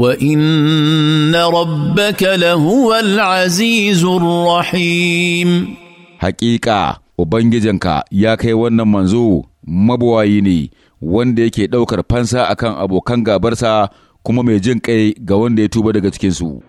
وان ربك لهو العزيز الرحيم حقيقه ubangijinka ya kai wannan manzo mabuwayi ne wanda yake ɗaukar fansa akan abokan gabarsa kuma mai jin kai ga wanda ya tuba daga cikinsu